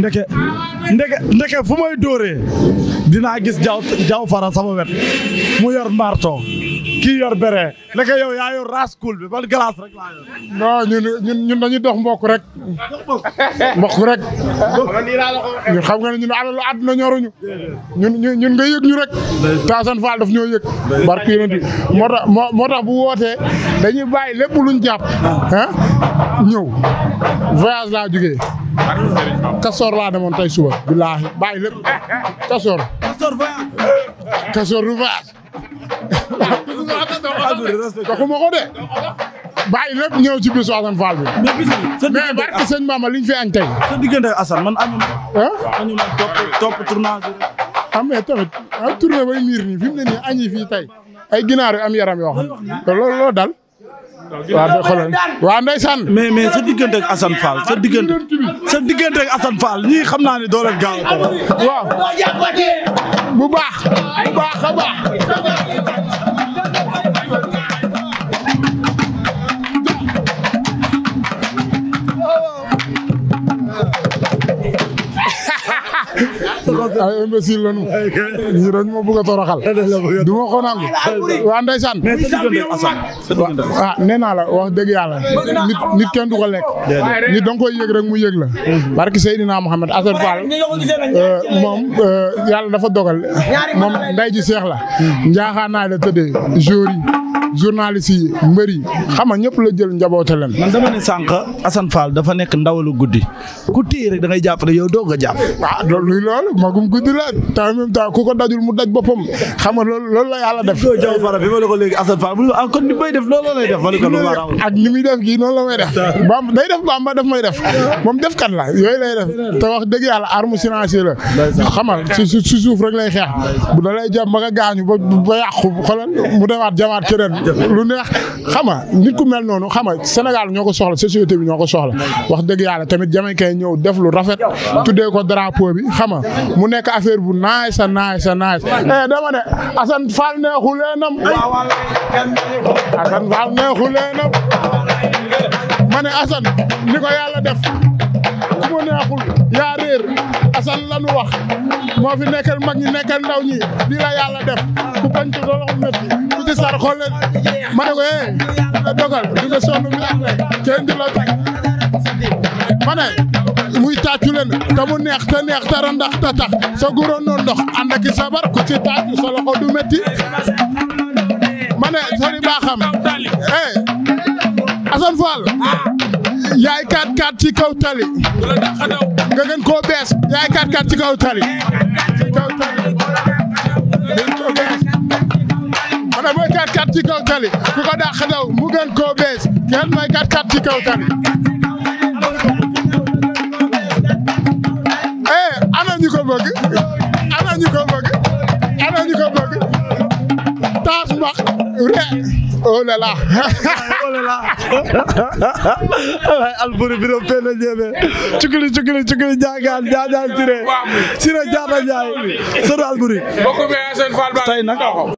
ndeke ndeke ndeke fu may dóoree dinaa gis jaw jaw fara sama wet mu yor marto kii yor bere ndeke yow yaa yor raas kuul bi ban glace rek ñun ñun dox mbok rek. mbokk rek. ñun xam nga ne ñun alalu àdduna ñoruñu. ñun ñun nga yëg ñu rek. Tassane Fall daf ñoo yëg. barki yéen a di moo tax moo tax bu wootee dañuy bàyyi lépp luñ jàpp. ah ñëw Kasoor laa demoon tey suba. bilaahi bàyyi lépp Kasoor. Kasoor voyage. Kasoor du voyage. waxuma ko de. bàyyi lépp ñëw ci bisu Assane Fall bi. mais bis bi mais barke sëñ Bamba liñ fi añ tey. sa diggante ak am mais tamit ah tournée bay miir nii fi mu ne nii añi fii tey ay ginaar yu am yaram yoo xam te dal. waaw xoolal waaw ndeysaan. mais mais sa diggante ak Assane Fall sa diggante sa diggante ak Assane Fall ñii xam naa ne doo leen gaaw. waaw bu baax bu baax. ay ah, imbécile lañu ñi dañ ma bëgg a toroxal du ma ko nangu waa ndeysaan ah nee naa la wax dëgg yàlla nit nit kenn du ko lekk nit da nga yëg rek mu yëg la mm-hmm. barki Seydina Mohamed Assane Fall euh, moom euh, yàlla dafa dogal moom nday ji seex la mm-hmm. njaaxaanaay la tëddee jour journaliste yi mbër yi xam nga ñëpp la jël njaboote leen. man dama ne sànq Assane Fall dafa nekk ndawalu guddi ku téye rek da ngay jàpp ne a doo nga jàpp. waaw loolu loolu magum guddi la te en même temps ku ko mu la yàlla def. loolu jaww fara bi ma la ko léegi Assane Fall ah kon ni may def loolu lay def. ak ni muy def kii noonu la may def. bam day def bam ba daf may def moom def kat la yooyu lay te wax dëgg yàlla arme silencieuse la. xamal si suuf rek lay xeex bu da lay ba gaañu ba ba yàqu mu demaat jamaat keneen lu neex xam nit ku mel noonu xam nga Sénégal ñoo ko soxla société bi ñoo ko soxla wax dëgg yàlla tamit jamaïcain ñëw def lu rafet tuddee ko drapeau bi xam mu nekk affaire bu naay sa naay sa naay eh dama ne Assane Fall neexu leenam Assane Fall ni ko yàlla def ku ma neexul yaa réer asan lanu wax moo fi nekkal mag ñi nekkal ndaw ñi lii la yàlla def ku bañ ci dolox métti ku ci sar xool ma ne ko eh dogal di nga sonn mi di la ma muy tàccu leen te mu neex te neex te randax te tax sa guróon noon ndox ànd ak sabar ku ci tàccu sa loxo du métti ma ne xam eh Assane Fall yaay 4-4 ci kaw tali. nga gën koo bees yaay a 4 ci kaw tali. ma ne ci kaw tali ku ko dàq daw mu gën koo bees kenn mooy 4-4 ci kaw tali. eh ana ñu ko bëgg. ma oh là là oh là là waaye alburi bi doon fenn ñebe cukuli cukuli cukuli jaagaan jaajaan sire sire jaata jaay sori alburi tey nag